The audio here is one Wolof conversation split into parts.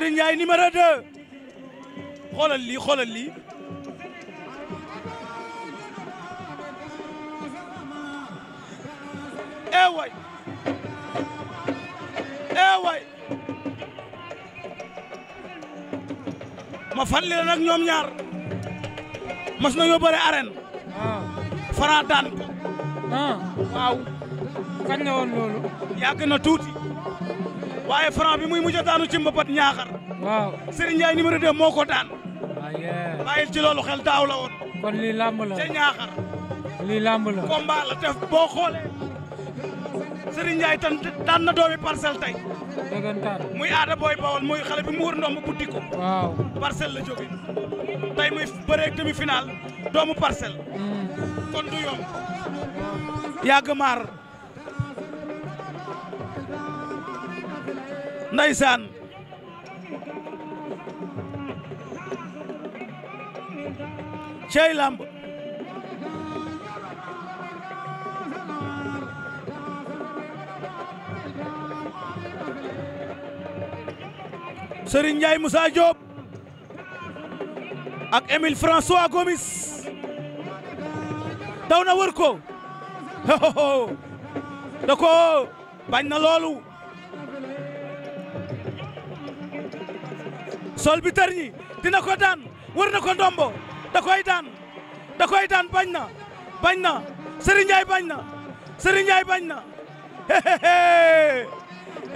Serigne Ndiaye numéro 2 xoolal lii xoolal lii eh way eh ma fàttali la nag ñoom ñaar mas nañoo bëre arène. waaw ah. Franc daan ko. Ah. waaw. kañ na tuuti waaye Franc bi muy mujj a daanu ci mbapat ñaaxar. waaw Serigne Ndiaye moo ko daan. waaye. Ah, bàyyil ci loolu xel daaw kon lii làmb la lii làmb la combat la boo xoolee. Serigne Ndiaye doomi parcelle tey. muy aada booy bawol muy xale bi mu wër ndomb buddi waaw parcelle la jóge tey muy bëreeg demi final doomu parcelle. Mm. kon du yomb. yàgg maar. Ndeysaan cey làmb Serigne Ndiaye Moussa Diop ak Émile François Gomis daw na wër ko da ko bañ na loolu sol bi tër ñi dina ko daan wër na ko ndombo da koy daan da koy daan bañ na bañ na Serigne Ndiaye bañ na Serigne Ndiaye bañ na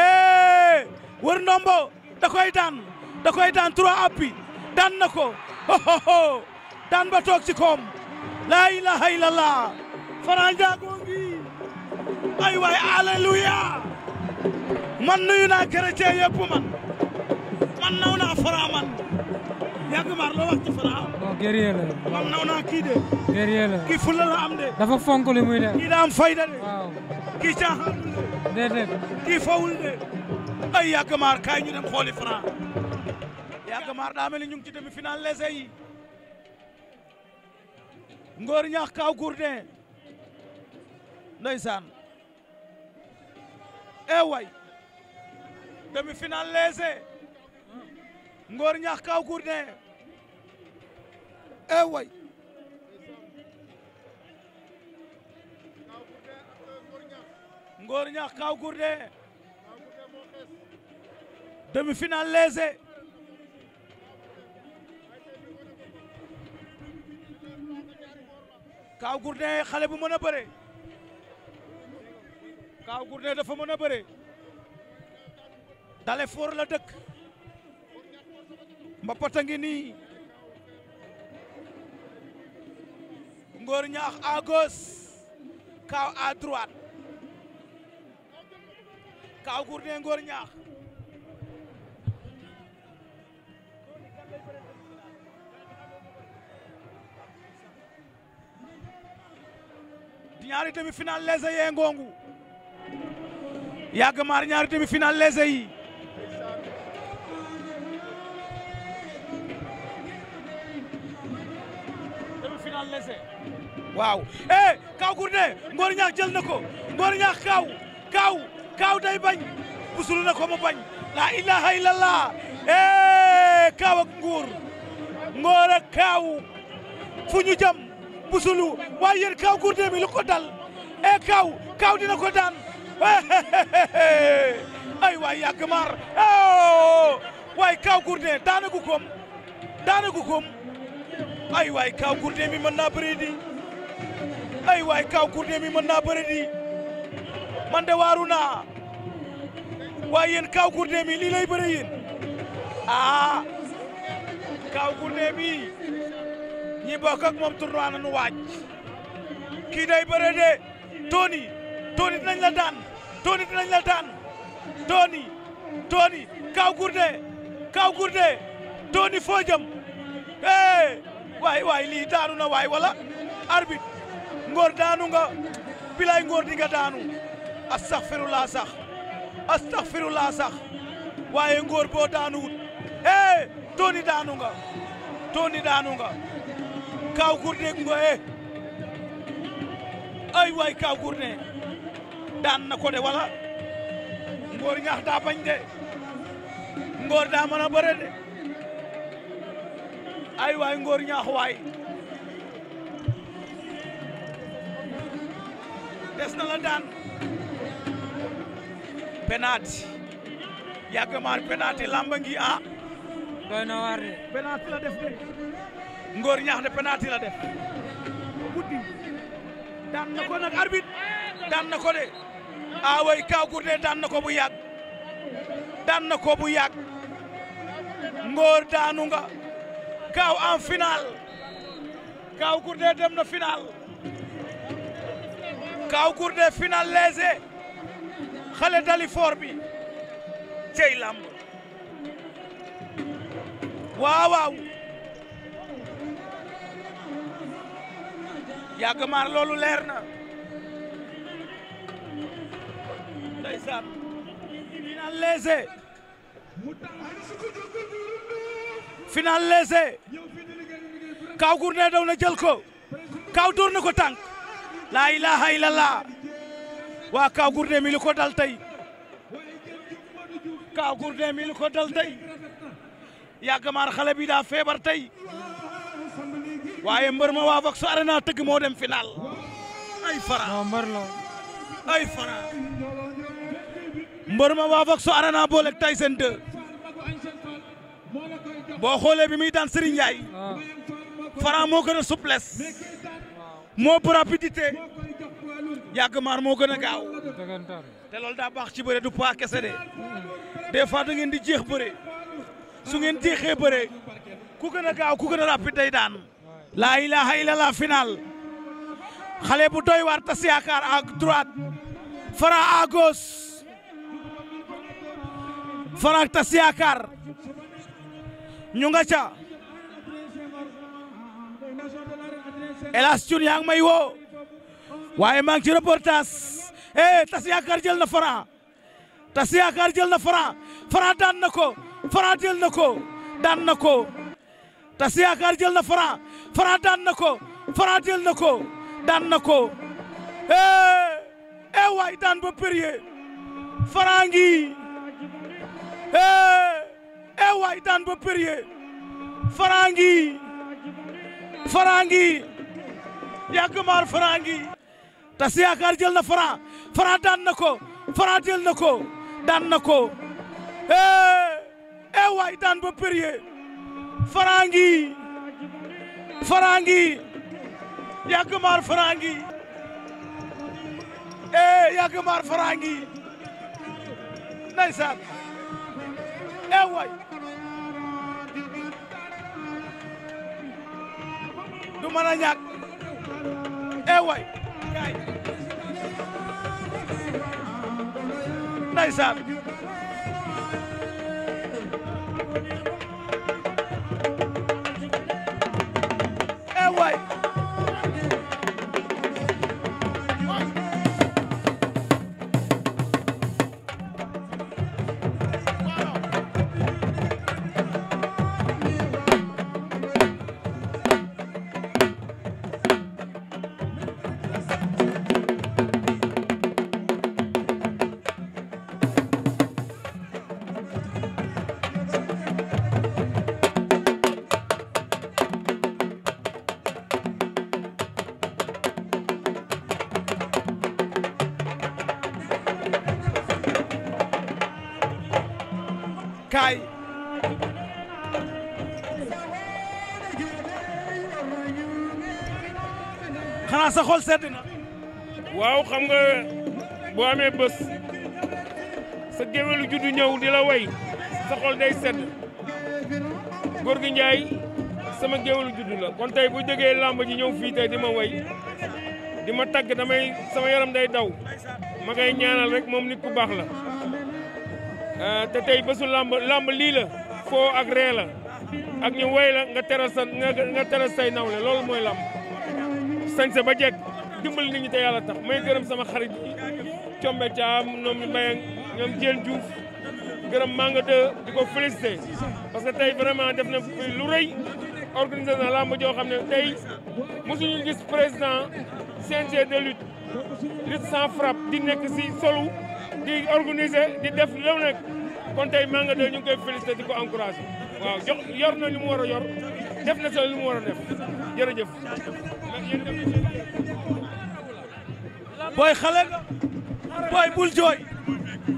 eh wër ndombo da koy daan da koy daan trois appuis daan na ko daan ba toog ci koom laa ilaha illallah Franc Ndiago ngi ay waay alléluia man nuyu naa chrétien yëpp man naw naa Franc man yàgg maar loo wax ci naw naa kii de. guerrier la kii fula la am de. dafa fonk li muy def. kii daa fayda de. kii caaxaanul de. déedéet. kii fawul de. ay yàgg kaay ñu dem xooli Franc. yàgg maar ni ñu demi-finale lese yi. Ngor ñaax Kaaw Gourdin ndeysaan eh way demi-finale lese. ngoor ñax kaw Gourdin e eh, way ngoor ñax kaw Gourdin demi-finale léger Kaw Gourdin xale bu mën a bëre Kaw Gourdin dafa mën a bëre dale foor la dëkk mbapat a ngi nii Ngor Ñaax à gauche Kaaw à droite Kaaw Gourdin Ngor Ñaax ñaari demi-finale lese yee ngongu yàgg maar ñaari demi-finale lese yi waaw eh kaw Gourdin Ngor ñaax jël na ko Ngor ñaax kaw kaw kaw day bañ busulu na ko mu bañ la ilaha illallah eh kaw ak Nguur Ngor ak kaw fu ñu jëm busulu waaye yéen kaw Gourdin mi lu ko dal eh kaw kaw dina ko daan ay waay yàgg maar oh! waay kaw Gourdin daanagu koom daanagu koom ay waay kaw Gourdin mi mën naa bëri di ay waay Kaw Gourdin mi mën naa bëri di de waaru naa waaye Kaw Gourdin mi lii lay bëri yéen aa ah, Kaw Gourdin bi ñi bokk ak moom tournoi nañu waaj kii day bëre de Tony Tony dinañ la daan Tony dinañ la daan Tony Tony Kaw Gourdin Kaw Gourdin Tony foo jëm hey waay waay lii daanu na waay wala arbitre ngoor daanu nga bilaay ngoor di daanu astaxfirullah sax astaxfirullah sax waaye ngoor boo daanuwut eh tooni daanu nga tooni daanu nga kaaw gurne nga eh ay waay kaaw gurne daan na ko de wala ngoor ñax daa de ngoor daa mën ay waay ngoor ñaax waay des na la daan penalty yàgg maar penalty lamba a doy na waar de penalty la def de Ngor Ñaax de la def daan na ko nag arbitre daan na ko de a Kaw Gourdin daan na ko bu yàgg daan na ko bu yàgg Ngor daanu nga Kaw en final Kaw Gourdin dem na final Kaw Gourdin final léger xale Dalifort bi cey lamb waaw waaw yàgg loolu leer na ndeysaan final léger final léger Kaw Gourdin daw na jël ko Kaw dóor na ko tànk laa ilaha illallah waa Kaw Gourdin mi lu ko dal tey Kaw Gourdin mi lu ko dal tey yàgg maar xale bii daa feebar tey waaye mbër ma waa Vox Arena tëgg moo dem final ay fara mbër la ay fara mbër ma waa Vox Arena booleeg Tyson 2 boo xoolee bi muy daan Serigne Ndiaye ah. moo gën a souplesse moo pour rapidité yàgg maar moo gën a gaaw te loolu daa baax ci bëre du pas kese de des fois da ngeen di jeex bëre su ngeen jeexee bëre ku gën a gaaw ku gën a rapide day daan. laa ilaha illallah final xale bu doy waar tas yaakaar à droite fara à gauche fara tas yaakaar ñu nga ca. Elas Thioune yaa ngi may woo waaye maa ngi ci reportage eh tas yaakaar jël na Franc tas yaakaar jël na Franc Franc daan na ko Franc jël na ko daan na ko tas yaakaar jël na Franc Franc daan na ko Franc jël na ko daan na ko eh eh waay daan ba périllé Franc ngi eh eh waay yàgg maar Franc ngi tas yaakaar jël na Franc Franc daan na ko Franc jël na ko daan na ko ee eh, eh waay daan ba pérye Franc ngi Franc ngi yàgg maar Franc ngi ee eh, yàgg maar Franc ngi ndeysaan ee waay du mën a e waay ndeysaan kaay xanaa sa xol sedd na. waaw xam nga boo amee bés sa géwélu juddu ñëw di la way sa xol day sedd góor gi Njaay sama géwélu judd la kon tey bu jógee làmb ji ñëw fii tey di ma way di ma tagg damay sama yaram day daw ma koy ñaanal rek moom nit ku baax la. Euh, te tey bésu lamb lamb lii la foo ak ree la ak ñu woy la nga teral sa nga teral say nawle loolu mooy lamb sañse ba jekk dimbali nit ñi te yàlla tax mooy gërëm sama xarit combe caam ñoom Mbayang ñoom Diène Diouf gërëm Manga 2 di ko félicité parce que tey vraiment def na lu rëy organisé na lamb joo xam ne tey mosuñu gis président CNG de lutte lutte sans frappe di nekk si solu di organiser di def léw nag kon tey Manga 2 ñu ngi koy di ko encouragé waaw jox yor na li mu war a yor def na sa li mu war def jërëjëf. booy xale nga booy bul jooy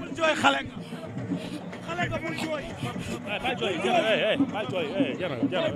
bul jooy xale bul jooy. bal jooy bal jooy jërëjëf jërëjëf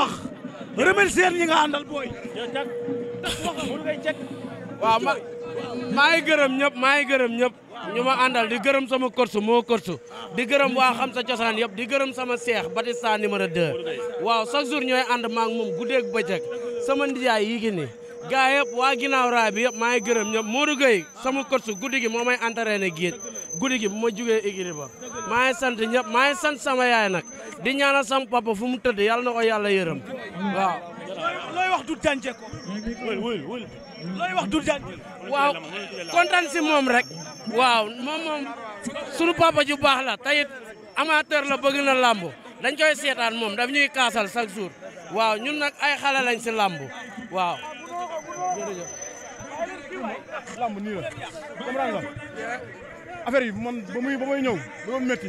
wax. remercier ñi nga àndal booy. waaw ma maa ngi gërëm ñëpp maa ngi gërëm ñëpp ñu ma àndal di gërëm sama korsu moo korsu di gërëm waa xam sa cosaan yëpp di gërëm sama seex Batista numéro 2 waaw chaque jour ñooy ànd maa ngi moom ba bëccëg sama ndijaay yi gi gaa yëpp waa ginnaaw raay bi yëpp maa ngi gërëm ñëpp Modou Gueye sama korsu guddi gi moo may entraîné géej guddi gi bu ma jugee écurie ba maa ngi sant ñëpp maa sant sama yaay nag di ñaanal sama papa fu mu tëdd yàlla na ko yàlla yërëm waaw. looy wax du jànje wax du si moom rek. waaw moom moom sunu papa ju baax la tayit amateur la bëgg na làmb dañ koy seetaan moom daf ñuy kaasal chaque jour waaw ñun nag ay xale lañ si làmb waaw. làmb nii la affaire yi man ba muy ba muy ba mu métti.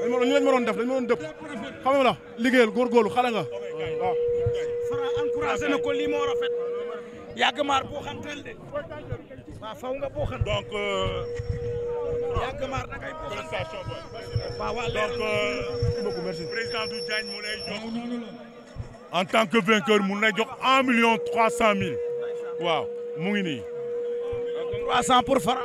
dañ ma doon ñu lañ ma dëpp xam nga la liggéeyal góorgóorlu xale Fara encouragé na ko lii moo rafet yàgg maar boo xanteel de waaw faw nga boo xanteel. donc. Euh, yàgg maar da boo xanteel. waaw waaw donc. Euh, merci beaucoup merci. président du Diagne mu lay jox. en tant que vainqueur mu lay jox un million trois cent mille. waaw mu nii. trois cent pour Fara.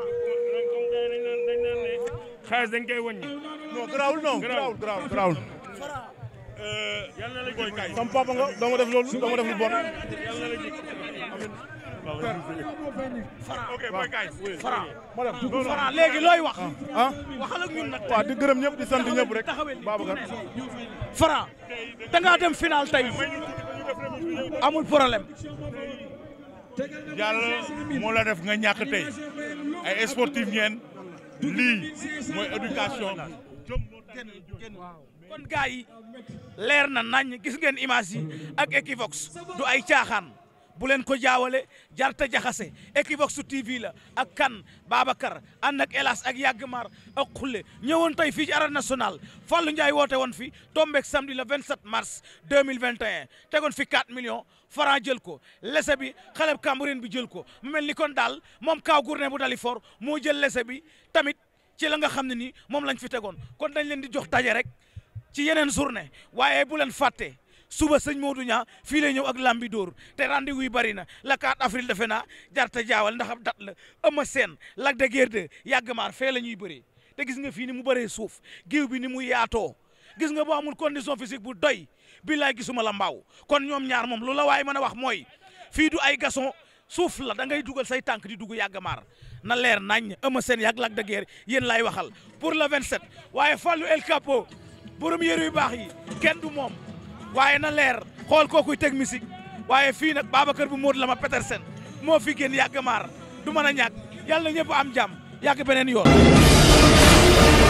xaalis dañ koy wàññi. non garaawul non garaawul garaawul garaawul. Euh, sama nga doo def loolu doo ma bon. ok booy kaay léegi looy wax. ah waxal nag. waaw di gërëm ñëpp di sant ñëpp rek Babacar. Franc da ngaa dem final tey amul problème. yàlla moo la def nga ñàkk tey ay sportif ngeen lii mooy éducation. kon gars yi leer na nañ gis ngeen image yi ak Equivox du ay caaxaan bu leen ko jaawale jarta jaxase Equivox TV la ak kan baaba Babacar ànd ak Elas ak Yagmar ak Khoule ñëwoon tey fii ci arène nationale Fallou Ndiaye woote woon fi tombeek samedi le 27 mars 2021 tegoon fi 4 millions francs jël ko lese bi xaleb Cambérène bi jël ko mu mel ni kon daal moom Kaw Gourdin bu Dalifort moo jël lese bi tamit ci la nga xam ne ni moom lañ fi tegoon kon dañ leen di jox daje rek ci yeneen journée waaye bu leen fàtte suba sëñ Modou Niang fii lay ñëw ak lambi door te rendez-vous yi bëri na la 4 avril defe naa jarta jaawal ndax ab dat la Eumeu seen Lac de Guiers 2 yàgg maar fee la ñuy bëree te gis nga fii ni mu bëree suuf géew bi ni mu yaatoo gis nga boo amul condition physique bu doy billaay gisuma la mbaaw kon ñoom ñaar moom lu la waaye mën a wax mooy fii du ay gason suuf la dangay dugal say tànk di dugg yàgg na leer nañ Eumeu Sène yàgg Lac de Guiers yéen laay waxal pour le 27 waaye Fallou El Capo borom yëre yu baax yi kenn du moom waaye na leer xool kookuy teg musique waaye fii nag kër bu Modou Lama Petersen moo fi génn yàgg du mën a ñàkk yàlla na ñëpp am jàmm yàgg beneen yoon.